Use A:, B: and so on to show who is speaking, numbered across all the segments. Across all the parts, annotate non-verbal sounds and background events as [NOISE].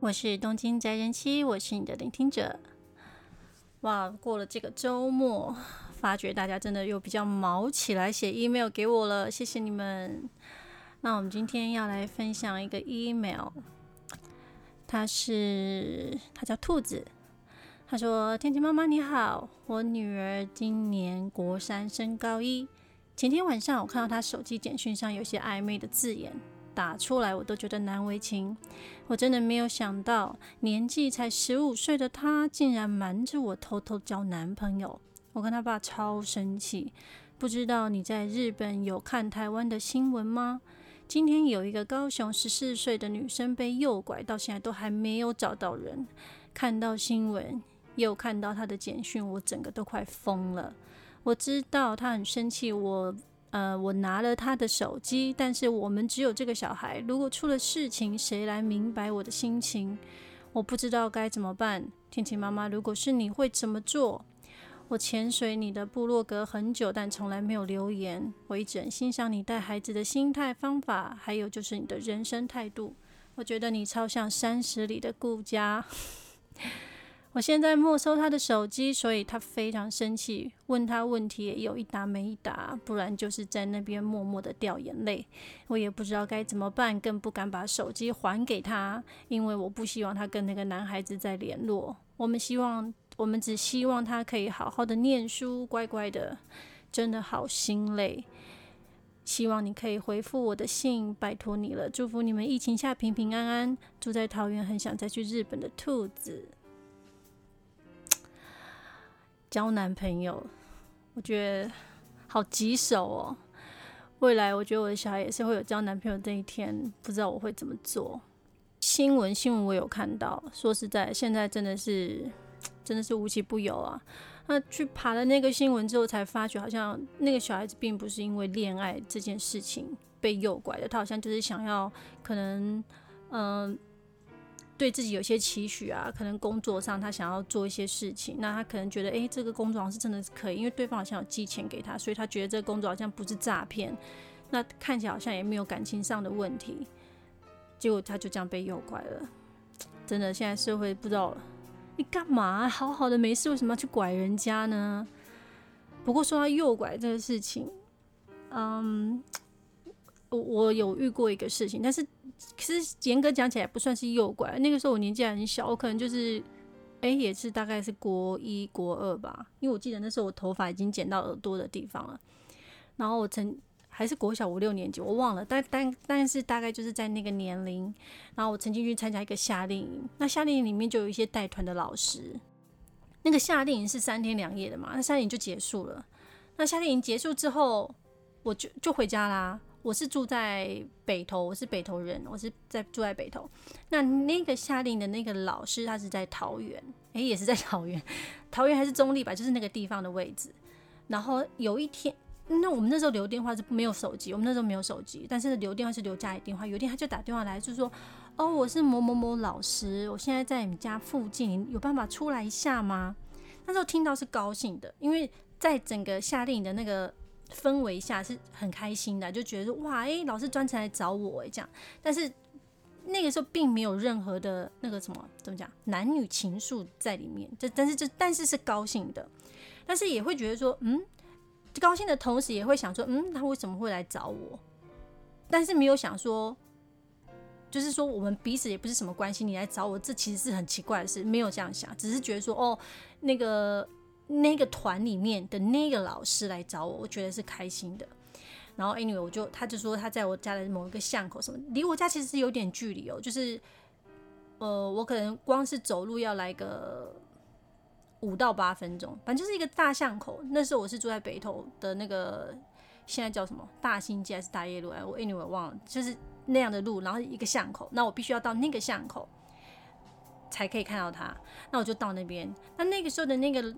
A: 我是東京宅人妻，我是你的聆聽者。哇，過了這個周末，發覺大家真的又比較毛起來寫 email 給我了，謝謝你們。那我們今天要來分享一個 email，他是，他叫兔子，他說：“天晴媽媽你好，我女兒今年國三升高一，前天晚上我看到她手機簡訊上有些曖昧的字眼。”打出來我都覺得難為情，我真的沒有想到，年紀才十五歲的她竟然瞞着我偷偷交男朋友。我跟他爸超生氣，不知道你在日本有看台灣的新聞嗎？今天有一個高雄十四歲的女生被誘拐，到現在都還沒有找到人。看到新聞，又看到她的簡訊，我整個都快瘋了。我知道她很生氣，我。呃，我拿了他的手機，但是我們只有這個小孩。如果出了事情，誰來明白我的心情？我不知道該怎麼辦。天晴媽媽，如果是你會怎麼做？我潛水你的部落格很久，但從來沒有留言。我一直很欣賞你帶孩子的心態、方法，還有就是你的人生態度。我覺得你超像三十里的顧家。 [LAUGHS] 我現在沒收他的手機，所以他非常生氣。問他問題也有一答沒一答，不然就是在那邊默默的掉眼淚。我也不知道該怎麼辦，更不敢把手機還給他，因為我不希望他跟那個男孩子再聯絡。我們希望，我們只希望他可以好好的念書，乖乖的。真的好心累。希望你可以回復我的信，拜托你了。祝福你們疫情下平平安安。住在桃園，很想再去日本的兔子。交男朋友，我覺得好棘手哦。未來我覺得我的小孩也是會有交男朋友那一天，不知道我會怎麼做。新聞新聞我有看到，說實在，現在真的是真的是無奇不有啊。那去爬了那個新聞之後，才發覺好像那個小孩子並不是因為戀愛這件事情被誘拐的，他好像就是想要可能嗯。呃對自己有些期許啊，可能工作上他想要做一些事情，那他可能覺得，誒、欸，這個工作好像是真的可以，因為對方好像有寄錢給他，所以他覺得這個工作好像不是詐騙，那看起來好像也沒有感情上的問題，結果他就這樣被誘拐了。真的，現在社會不知道了，你幹嘛、啊？好好的沒事，為什麼要去拐人家呢？不過說到誘拐這個事情，嗯、um。我有遇過一個事情，但是其實嚴格講起來不算是誘拐。那個時候我年紀很小，我可能就是，哎、欸，也是大概是國一國二吧，因為我記得那時候我頭髮已經剪到耳朵的地方了。然後我曾還是國小五六年級，我忘了，但但但是大概就是在那個年齡。然後我曾經去參加一個夏令營，那夏令營裡面就有一些帶團的老師。那個夏令營是三天兩夜的嘛？那夏令營就結束了。那夏令營結束之後，我就就回家啦。我是住在北投，我是北投人，我是在住在北投，那那個夏令的那個老師，他是在桃園，誒、欸，也是在桃園，桃園還是中壢吧，就是那個地方的位置。然後有一天，那我們那時候留電話是沒有手機，我們那時候沒有手機，但是留電話是留家裡電話。有一天他就打電話來，就說：“哦，我是某某某老師，我現在在你們家附近，有辦法出來一下嗎？”那時候聽到是高興的，因為在整個夏令的那個。氛圍下是很開心的，就覺得說哇，誒、欸，老師專程來找我誒，這樣。但是那個時候並沒有任何的那個什麼怎麼講男女情愫在裡面，這但是這但是是高興的，但是也會覺得說嗯，高興的同時也會想說嗯，他為什麼會來找我？但是沒有想說，就是說我們彼此也不是什麼關係，你來找我，這其實是很奇怪的事，沒有這樣想，只是覺得說哦，那個。那個團裡面的那個老師來找我，我覺得是開心的。然後 anyway，我就他就說他在我家的某一個巷口什麼，離我家其實是有點距離哦、喔，就是呃，我可能光是走路要來個五到八分鐘，反正就是一個大巷口。那時候我是住在北投的那個，現在叫什麼大興街還是大業路？啊？我 anyway 忘了，就是那樣的路，然後一個巷口，那我必須要到那個巷口才可以看到他。那我就到那邊，那那個時候的那個。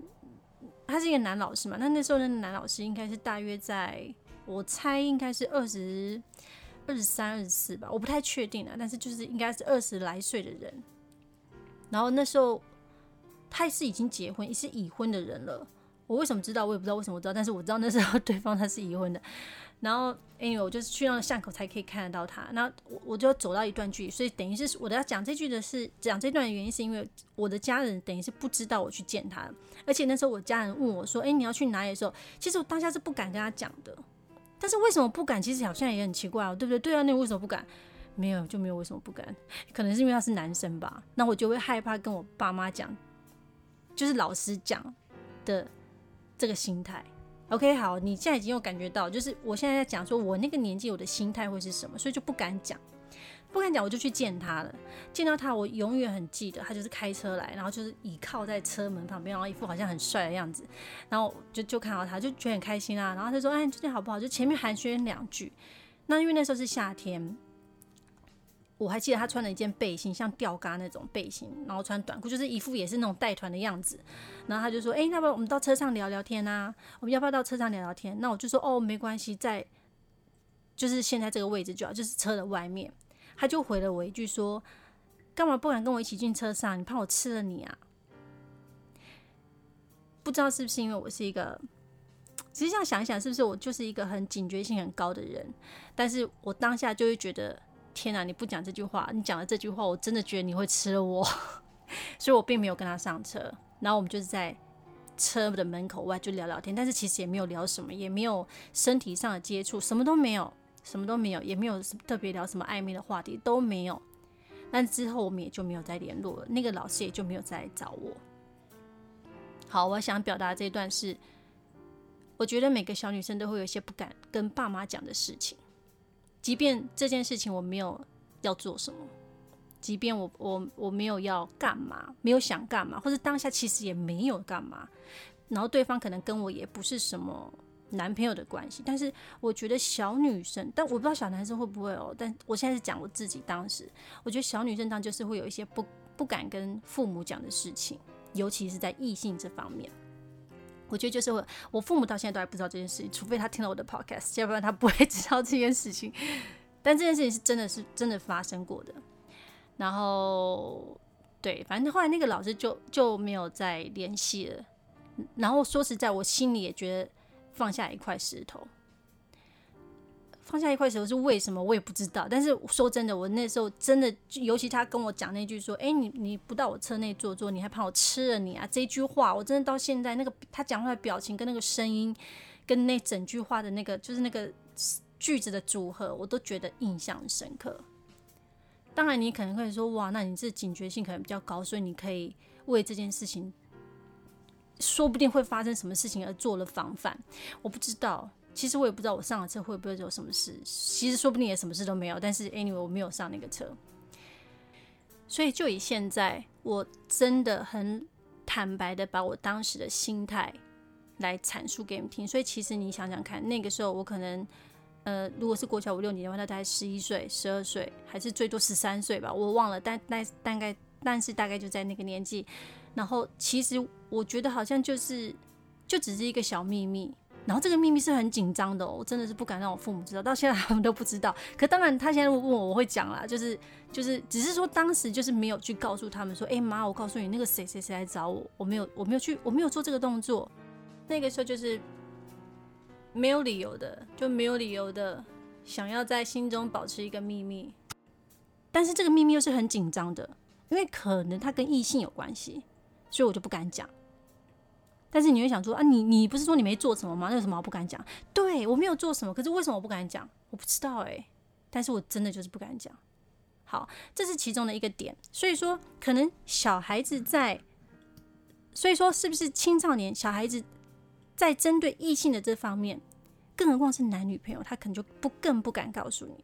A: 他是一個男老師嘛。那那時候那個男老師應該是大約在，我猜應該是二十二十三、二十四吧，我不太確定啊。但是就是應該是二十來歲的人。然後那時候他是已經結婚，也是已婚的人了。我為什麼知道？我也不知道為什麼知道，但是我知道那時候對方他是已婚的。然後，因、anyway, 為我就是去到巷口才可以看得到他，那我我就走到一段距離，所以等於是我要講這句的是講這段的原因，是因為我的家人等於是不知道我去見他，而且那時候我家人問我說：“哎、欸，你要去哪裡？”的時候，其實我當下是不敢跟他講的。但是為什麼不敢？其實好像也很奇怪哦，對不對？對啊，那為什麼不敢？沒有就沒有為什麼不敢？可能是因為他是男生吧，那我就會害怕跟我爸媽講，就是老師講的這個心態。OK，好，你現在已經有感覺到，就是我現在在講，說我那個年紀，我的心態會是什麼，所以就不敢講，不敢講，我就去見他了。見到他，我永遠很記得，他就是開車來，然後就是倚靠在車門旁邊，然後一副好像很帥的樣子，然後就就看到他，就覺得很開心啊。然後他說：“哎，你最近好不好？”就前面寒暄兩句。那因為那時候是夏天。我還記得他穿了一件背心，像吊嘎那種背心，然後穿短褲，就是一副也是那種帶團的樣子。然後他就說：“哎，要不要我們到車上聊聊天啊？我們要不要到車上聊聊天？”那我就說：“哦，沒關係，在就是現在這個位置就好，就就是車的外面。”他就回了我一句說：“幹嘛不敢跟我一起進車上？你怕我吃了你啊？”不知道是不是因為我是一個，其實這樣想一想，是不是我就是一個很警覺性很高的人？但是我當下就會覺得。天啊，你不講這句話，你講了這句話，我真的覺得你會吃了我， [LAUGHS] 所以我並沒有跟他上車。然後我們就是在車的門口外就聊聊天，但是其實也沒有聊什麼，也沒有身體上的接觸，什麼都沒有，什麼都沒有，也沒有特別聊什麼曖昧的話題，都沒有。但之後我們也就沒有再聯絡了，那個老師也就沒有再找我。好，我想表達這一段是，我覺得每個小女生都會有一些不敢跟爸媽講的事情。即便這件事情我沒有要做什麼，即便我我我沒有要幹嘛，沒有想幹嘛，或者當下其實也沒有幹嘛，然後對方可能跟我也不是什麼男朋友的關係，但是我覺得小女生，但我不知道小男生會不會哦，但我現在是講我自己當時，我覺得小女生當就是會有一些不不敢跟父母講的事情，尤其是在異性這方面。我覺得就是我，我父母到現在都還不知道這件事情，除非他聽了我的 podcast，要不然他不會知道這件事情。但這件事情是真的是真的發生過的。然後，對，反正後來那個老師就就沒有再聯繫了。然後說實在，我心裡也覺得放下一塊石頭。放下一塊石頭是為什麼？我也不知道。但是說真的，我那時候真的，尤其他跟我講那句說：“哎、欸，你你不到我車內坐坐，你還怕我吃了你啊？”這句話，我真的到現在那個他講話的表情，跟那個聲音，跟那整句話的那個就是那個句子的組合，我都覺得印象很深刻。當然，你可能會說：“哇，那你是警覺性可能比較高，所以你可以為這件事情，說不定會發生什麼事情而做了防範。”我不知道。其實我也不知道我上了車會不會有什麼事，其實說不定也什麼事都沒有。但是 anyway，我沒有上那個車，所以就以現在我真的很坦白的把我當時的心態來闡述給你們聽。所以其實你想想看，那個時候我可能呃，如果是國小五六年的話，那才十一歲、十二歲，還是最多十三歲吧，我忘了。但但大概，但是大概就在那個年紀。然後其實我覺得好像就是就只是一個小秘密。然後這個秘密是很緊張的哦，我真的是不敢讓我父母知道，到現在他們都不知道。可當然，他現在問我，我會講啦，就是就是，只是說當時就是沒有去告訴他們，說，哎，媽，我告訴你那個誰誰誰來找我，我沒有我沒有去我沒有做這個動作。那個時候就是沒有理由的，就沒有理由的想要在心中保持一個秘密，但是這個秘密又是很緊張的，因為可能它跟異性有關係，所以我就不敢講。但是你會想說啊，你你不是說你沒做什麼嗎？那有什麼我不敢講？對，我沒有做什麼，可是為什麼我不敢講？我不知道誒，但是我真的就是不敢講。好，這是其中的一個點。所以說，可能小孩子在，所以說是不是青少年小孩子在針對異性的這方面，更何況是男女朋友，他可能就不更不敢告訴你。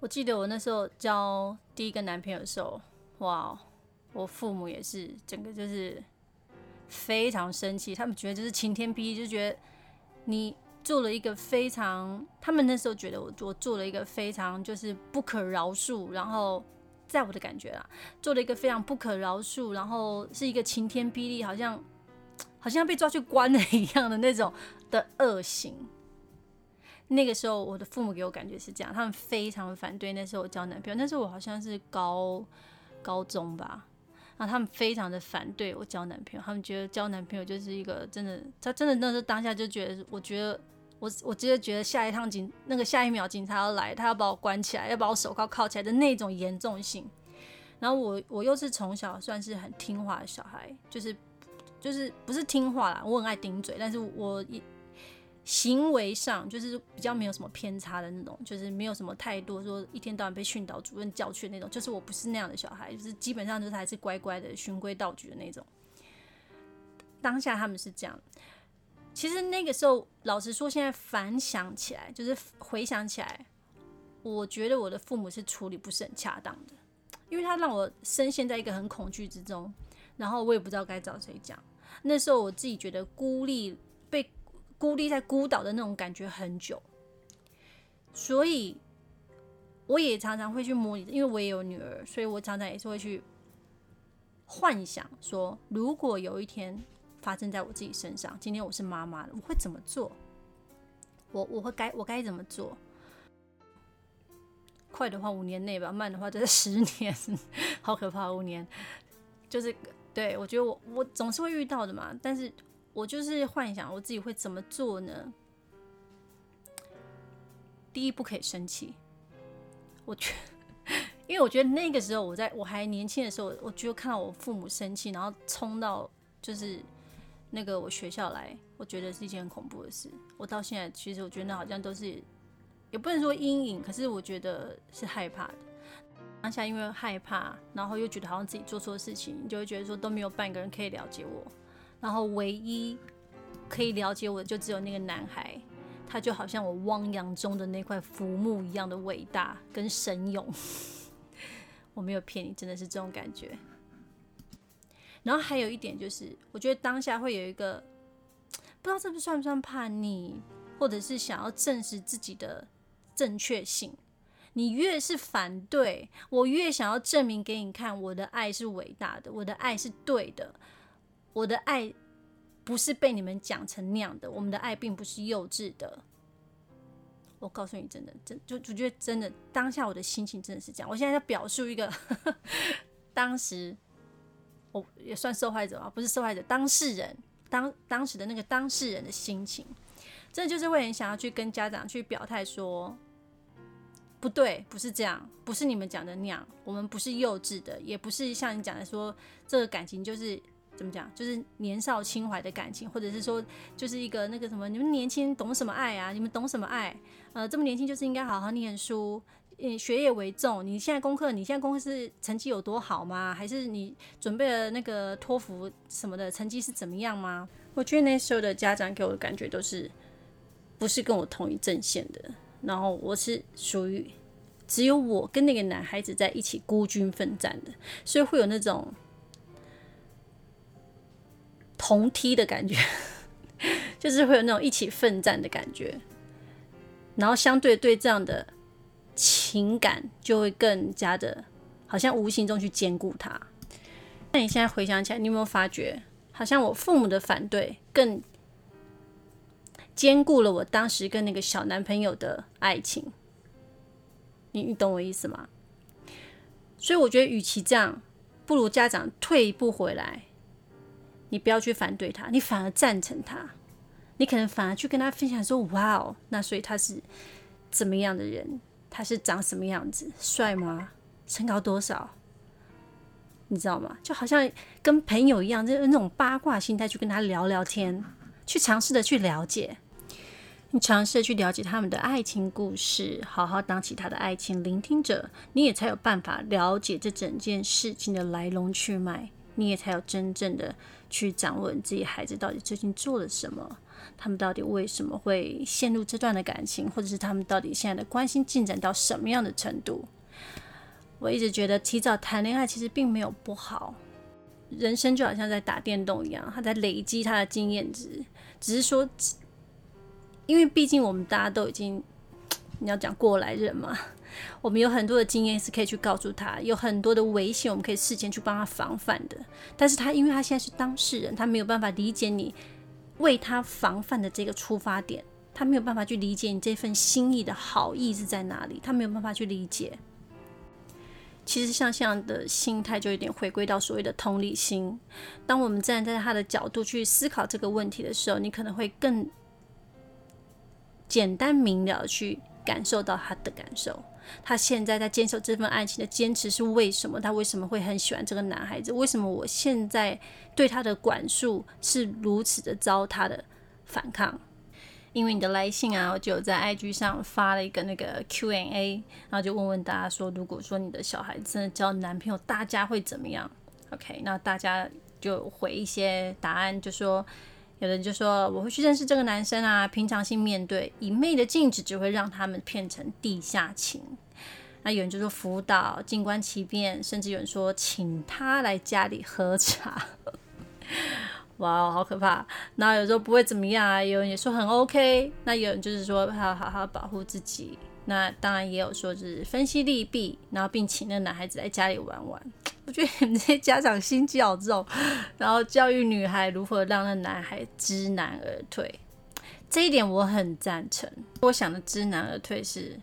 A: 我記得我那時候交第一個男朋友的時候，哇，我父母也是整個就是。非常生氣，他們覺得就是晴天霹靂，就覺得你做了一個非常，他們那時候覺得我做我做了一個非常就是不可饒恕，然後在我的感覺啦，做了一個非常不可饒恕，然後是一個晴天霹靂，好像好像被抓去關了一樣的那種的惡行。那個時候我的父母給我感覺是這樣，他們非常反對那時候我交男朋友，那時候我好像是高高中吧。然後他們非常的反對我交男朋友，他們覺得交男朋友就是一個真的，他真的那是當下就覺得，我覺得我我直接覺得下一趟警那個下一秒警察要來，他要把我關起來，要把我手銬銬起來的那種嚴重性。然後我我又是從小算是很聽話的小孩，就是就是不是聽話啦，我很愛頂嘴，但是我一。行為上就是比較沒有什麼偏差的那種，就是沒有什麼太多說一天到晚被訓導主任叫去的那種，就是我不是那樣的小孩，就是基本上就是還是乖乖的循規蹈矩的那種。當下他們是這樣，其實那個時候老實說，現在反想起來，就是回想起來，我覺得我的父母是處理不是很恰當的，因為他讓我深陷在一個很恐懼之中，然後我也不知道該找誰講，那時候我自己覺得孤立。孤立在孤島的那種感覺很久，所以我也常常會去模擬，因為我也有女兒，所以我常常也是會去幻想說，如果有一天發生在我自己身上，今天我是媽媽了，我會怎麼做？我我會該我該怎麼做？快的話五年內吧，慢的話就是十年， [LAUGHS] 好可怕，五年，就是，對，我覺得我我總是會遇到的嘛，但是。我就是幻想我自己會怎麼做呢？第一不可以生氣，我覺，因為我覺得那個時候我在我還年輕的時候，我就看到我父母生氣，然後衝到就是那個我學校來，我覺得是一件很恐怖的事。我到現在其實我覺得那好像都是也不能說陰影，可是我覺得是害怕的。當下因為害怕，然後又覺得好像自己做錯事情，你就會覺得說都沒有半個人可以了解我。然後唯一可以了解我的，就只有那個男孩。他就好像我汪洋中的那塊浮木一樣的偉大跟神勇。 [LAUGHS] 我沒有騙你，真的是這種感覺。然後還有一點就是，我覺得當下會有一個，不知道這不算不算叛逆，或者是想要證實自己的正確性。你越是反對，我越想要證明給你看，我的愛是偉大的，我的愛是對的。我的愛不是被你們講成那樣的，我們的愛並不是幼稚的。我告訴你真，真的，真就就覺得真的，當下我的心情真的是這樣。我現在要表述一個，呵呵當時我也算受害者啊，不是受害者，當事人當當時的那個當事人的心情，這就是會很想要去跟家長去表態說，不對，不是這樣，不是你們講的那樣，我們不是幼稚的，也不是像你講的說這個感情就是。怎麼講？就是年少輕懷的感情，或者是說，就是一個那個什麼，你們年輕懂什麼愛啊？你們懂什麼愛？呃，這麼年輕就是應該好好念書，以學業為重。你現在功課，你現在功課是成績有多好嗎？還是你準備了那個托福什麼的成績是怎麼樣嗎？我覺得那時候的家長給我的感覺都是不是跟我同一陣線的，然後我是屬於只有我跟那個男孩子在一起孤軍奮戰的，所以會有那種。同梯的感覺，就是會有那種一起奮戰的感覺，然後相對對這樣的情感就會更加的，好像無形中去堅固它。那你現在回想起來，你有沒有發覺，好像我父母的反對更堅固了我當時跟那個小男朋友的愛情？你你懂我意思嗎？所以我覺得，與其這樣，不如家長退一步回來。你不要去反對他，你反而贊成他，你可能反而去跟他分享說：“哇哦，那所以他是怎麼樣的人？他是長什麼樣子？帥嗎？身高多少？你知道嗎？”就好像跟朋友一樣，就是那種八卦心態去跟他聊聊天，去嘗試著去了解，你嘗試的去了解他們的愛情故事，好好當起他的愛情聆聽者，你也才有辦法了解這整件事情的來龍去脈，你也才有真正的。去掌握自己孩子到底最近做了什麼，他們到底為什麼會陷入這段的感情，或者是他們到底現在的關心進展到什麼樣的程度？我一直覺得提早談戀愛其實並沒有不好，人生就好像在打電動一樣，他在累積他的經驗值，只是說，因為畢竟我們大家都已經，你要講過來人嘛。我們有很多的經驗是可以去告訴他，有很多的危險我們可以事先去幫他防範的。但是他因為他現在是當事人，他沒有辦法理解你為他防範的這個出發點，他沒有辦法去理解你這份心意的好意是在哪裡，他沒有辦法去理解。其實像這樣的心態就有點回歸到所謂的同理心。當我們站在他的角度去思考這個問題的時候，你可能會更簡單明了地去感受到他的感受。她現在在堅守這份愛情的堅持是為什麼？她為什麼會很喜歡這個男孩子？為什麼我現在對她的管束是如此的遭她的反抗？因為你的來信啊，我就在 IG 上發了一個那個 Q&A，然後就問問大家說，如果說你的小孩子真的交男朋友，大家會怎麼樣？OK，那大家就回一些答案，就說。有人就說我會去認識這個男生啊，平常心面對，一味的禁止只會讓他們變成地下情。那有人就說輔導，靜觀其變，甚至有人說請他來家裡喝茶。 [LAUGHS] 哇，好可怕！然後有人說不會怎麼樣，有人也說很 OK。那有人就是說要好好保護自己。那當然也有說是分析利弊，然後並請那個男孩子來家裡玩玩。我覺得你們這些家長心機好重，然後教育女孩如何讓那男孩知難而退，這一點我很贊成。我想的知難而退是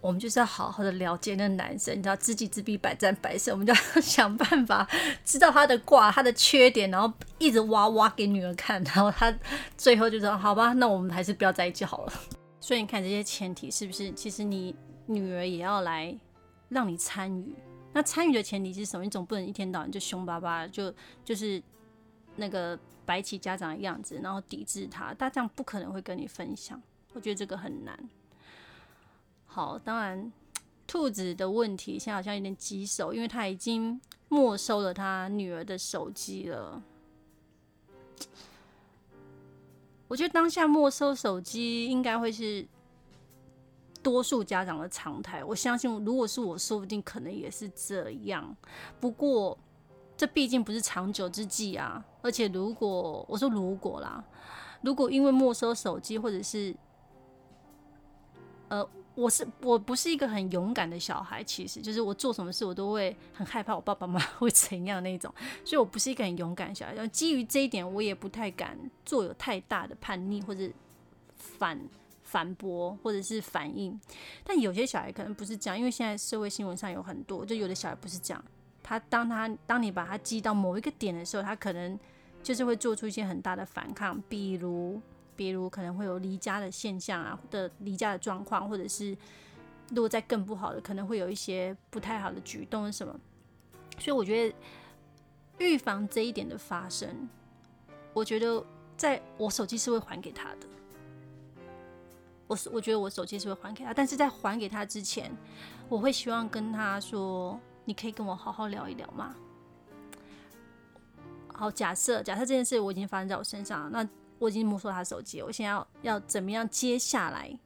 A: 我們就是要好好的了解那男生，你知道知己知彼，百戰百勝。我們就要想辦法知道他的卦、他的缺點，然後一直挖挖給女兒看，然後他最後就說：“好吧，那我們還是不要在一起好了。”所以你看這些前提是不是？其實你女兒也要來讓你參與。那參與的前提是什麼？你總不能一天到晚就凶巴巴，就就是那個擺起家長的樣子，然後抵制他，他這樣不可能會跟你分享。我覺得這個很難。好，當然兔子的問題現在好像有點棘手，因為他已經沒收了他女兒的手機了。我覺得當下沒收手機應該會是。多數家長的常態，我相信，如果是我說不定可能也是這樣。不過，這畢竟不是長久之計啊。而且，如果我說如果啦，如果因為沒收手機或者是，呃，我是我不是一個很勇敢的小孩，其實就是我做什麼事我都會很害怕我爸爸媽媽會怎樣那種，所以我不是一個很勇敢的小孩。基於這一點，我也不太敢做有太大的叛逆或者反。反駁或者是反應，但有些小孩可能不是這樣，因為現在社會新聞上有很多，就有的小孩不是這樣。他當他當你把他激到某一個點的時候，他可能就是會做出一些很大的反抗，比如比如可能會有離家的現象啊的離家的狀況，或者是如果再更不好的，可能會有一些不太好的舉動什麼。所以我覺得預防這一點的發生，我覺得在我手機是會還給他的。我是我覺得我手機是會還給他，但是在還給他之前，我會希望跟他說：“你可以跟我好好聊一聊嗎？”好，假設假設這件事我已經發生在我身上了，那我已經沒收他手機，我現在要，要怎麼樣？接下來，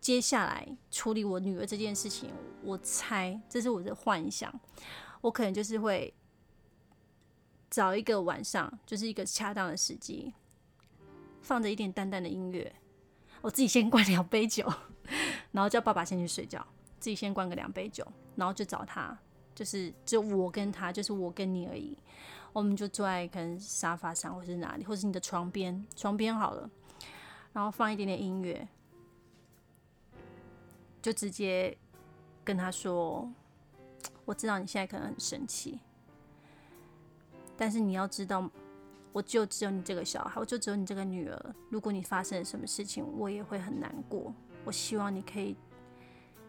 A: 接下來處理我女兒這件事情，我，我猜這是我的幻想，我可能就是會找一個晚上，就是一個恰當的時機，放着一點淡淡的音樂。我自己先灌兩杯酒，然後叫爸爸先去睡覺。自己先灌個兩杯酒，然後就找他，就是就我跟他，就是我跟你而已。我們就坐在可能沙發上，或是哪裡，或是你的床邊，床邊好了。然後放一點點音樂，就直接跟他說：“我知道你現在可能很生氣，但是你要知道。”我就只有你這個小孩，我就只有你這個女兒。如果你發生了什麼事情，我也會很難過。我希望你可以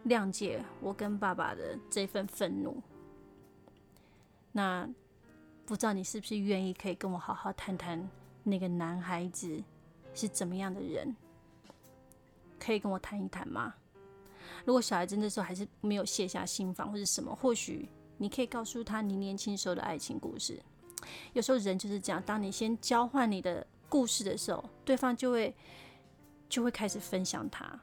A: 諒解我跟爸爸的這份憤怒。那不知道你是不是願意可以跟我好好談談那個男孩子是怎麼樣的人？可以跟我談一談嗎？如果小孩子那時候還是沒有卸下心房或者什麼，或許你可以告訴他你年輕時候的愛情故事。有時候人就是這樣，當你先交換你的故事的時候，對方就會就會開始分享他。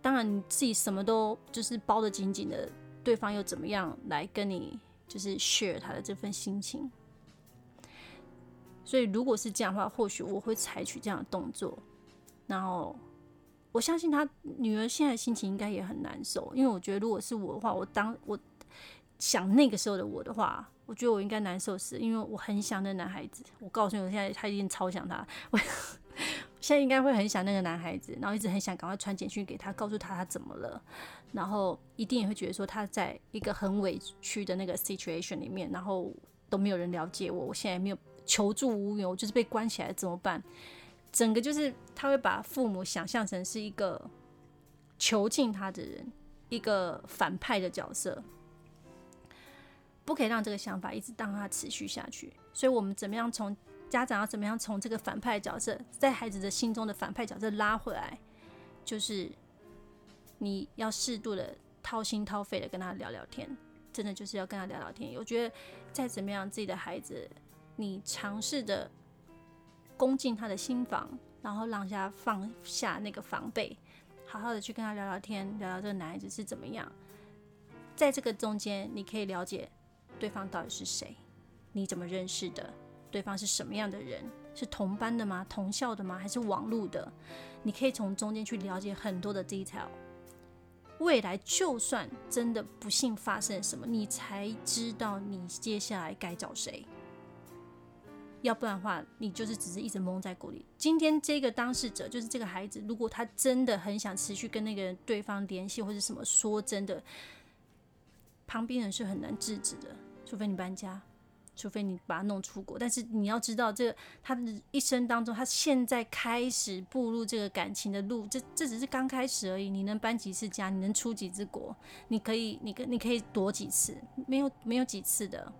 A: 當然，你自己什麼都就是包得緊緊的，對方又怎麼樣來跟你就是 share 他的這份心情。所以，如果是這樣的話，或許我會採取這樣的動作。然後，我相信他女兒現在的心情應該也很難受，因為我覺得如果是我的話，我當我想那個時候的我的話。我覺得我應該難受死，因為我很想那個男孩子。我告訴你，我現在他已經超想他，我，我現在應該會很想那個男孩子，然後一直很想趕快傳簡訊給他，告訴他他怎麼了。然後一定也會覺得說他在一個很委屈的那個 situation 裡面，然後都沒有人了解我，我現在沒有求助無門，我就是被關起來怎麼辦？整個就是他會把父母想象成是一個囚禁他的人，一個反派的角色。不可以讓這個想法一直讓他持續下去，所以我們怎麼樣從家長要怎麼樣從這個反派角色，在孩子的心中的反派角色拉回來，就是你要適度的掏心掏肺的跟他聊聊天，真的就是要跟他聊聊天。我覺得再怎麼樣，自己的孩子，你嘗試着攻進他的心房，然後讓他放下那個防備，好好的去跟他聊聊天，聊聊這個男孩子是怎麼樣，在這個中間你可以了解，對方到底是誰？你怎麼認識的？對方是什麼樣的人？是同班的嗎？同校的嗎？還是網絡的？你可以從中間去了解很多的 detail。未來就算真的不幸發生了什麼，你才知道你接下來該找誰。要不然的話，你就是只是一直蒙在鼓裡。今天這個當事者就是這個孩子，如果他真的很想持續跟那個人對方聯繫或者什麼，說真的，旁邊人是很難制止的。除非你搬家，除非你把他弄出國，但是你要知道這個，這他的一生當中，他現在開始步入這個感情的路，這這只是剛開始而已。你能搬幾次家？你能出幾次國？你可以，你跟你可以躲幾次？沒有沒有幾次的。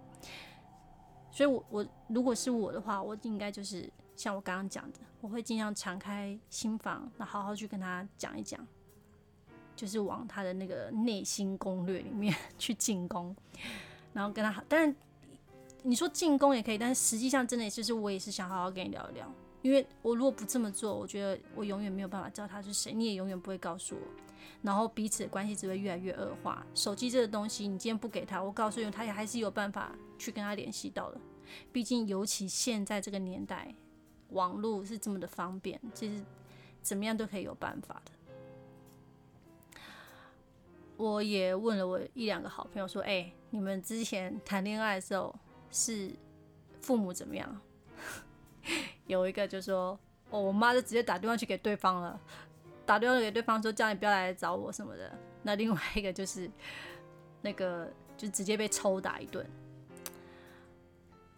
A: 所以我，我我如果是我的話，我應該就是像我剛剛講的，我會盡量敞開心房，那好好去跟他講一講，就是往他的那個內心攻略裡面去進攻。然後跟他好，但是你說進攻也可以，但是實際上真的其實我也是想好好跟你聊一聊，因為我如果不這麼做，我覺得我永遠沒有辦法知道他是誰，你也永遠不會告訴我，然後彼此的關係只會越來越惡化。手機這個東西，你今天不給他，我告訴你，他也還是有辦法去跟他聯繫到的。畢竟，尤其現在這個年代，網絡是這麼的方便，其實怎麼樣都可以有辦法的。我也問了我一兩個好朋友說：“哎、欸，你們之前談戀愛的時候是父母怎麼樣？” [LAUGHS] 有一個就說：“哦，我媽就直接打電話去給對方了，打電話給對方說叫你不要來找我什麼的。”那另外一個就是那個就直接被抽打一頓。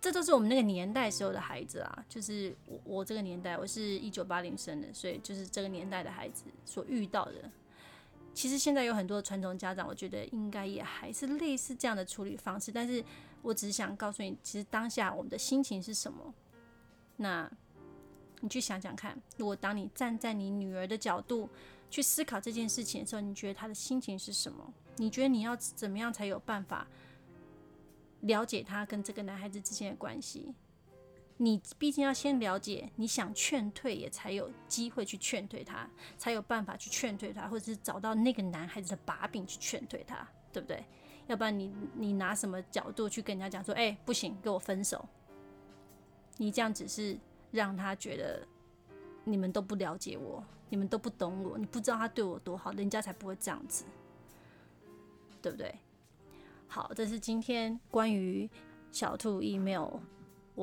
A: 這都是我們那個年代時候的孩子啊，就是我我這個年代，我是一九八零生的，所以就是這個年代的孩子所遇到的。其實現在有很多傳統家長，我覺得應該也還是類似這樣的處理方式。但是我只是想告訴你，其實當下我們的心情是什麼？那你去想想看，如果當你站在你女兒的角度去思考這件事情的時候，你覺得她的心情是什麼？你覺得你要怎麼樣才有辦法了解她跟這個男孩子之間的關係？你畢竟要先了解，你想勸退也才有機會去勸退他，才有辦法去勸退他，或者是找到那個男孩子的把柄去勸退他，對不對？要不然你你拿什麼角度去跟人家講說，哎、欸，不行，跟我分手？你這樣只是讓他覺得你們都不了解我，你們都不懂我，你不知道他對我多好，人家才不會這樣子，對不對？好，這是今天關於小兔 email。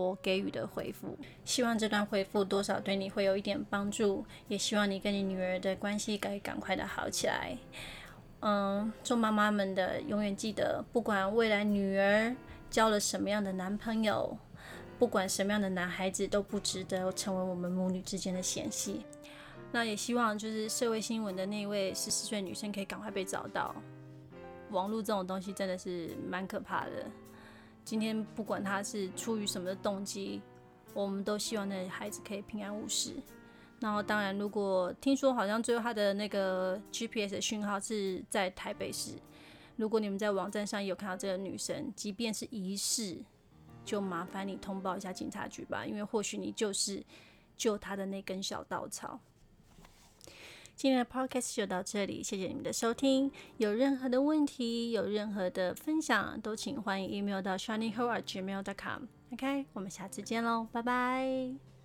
A: 我給予的回復，希望這段回復多少對你會有一點幫助，也希望你跟你女兒的關係可以趕快的好起來。嗯，做媽媽們的永遠記得，不管未來女兒交了什麼樣的男朋友，不管什麼樣的男孩子都不值得成為我們母女之間的嫌隙。那也希望就是社會新聞的那位十四歲女生可以趕快被找到。網絡這種東西真的是蠻可怕的。今天不管他是出於什麼的動機，我們都希望那孩子可以平安無事。然後當然，如果聽說好像最後他的那個 GPS 的訊號是在台北市，如果你們在網站上有看到這個女生，即便是疑似，就麻煩你通報一下警察局吧，因為或許你就是救他的那根小稻草。今天的 podcast 就到這裡，謝謝你們的收聽。有任何的問題，有任何的分享，都請歡迎 email 到 shininghowa at gmail dot com。OK，我們下次見嘍，拜拜。